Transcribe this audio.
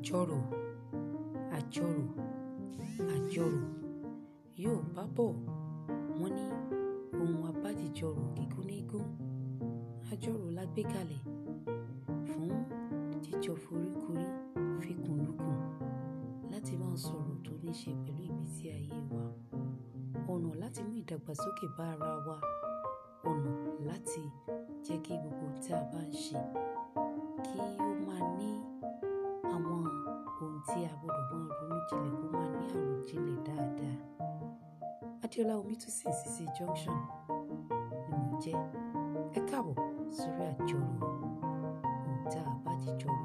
àjọrò àjọrò àjọrò Yorùbá bọ̀ wọ́n ní ohun abájíjọrò gígùn nígún. Àjọrò la gbé kalẹ̀ fún jíjọ foríkorí fikùnlukùn láti máa sọ̀rọ̀ tó ní ṣe pẹ̀lú ìgbésí ayé wa, ọ̀nà láti mú ìdàgbàsókè bá ara wa, ọ̀nà láti jẹ́ kí gbogbo ohun tí a bá ń ṣe. a gbọ́dọ̀ máa ronú jinlẹ̀ kó máa ní àròjinlẹ̀ dáadáa adéọlá omitusin Sisi Junction ni mo jẹ́ ẹ káàbọ̀ sórí àjọrò ohun tá a bá jíjọ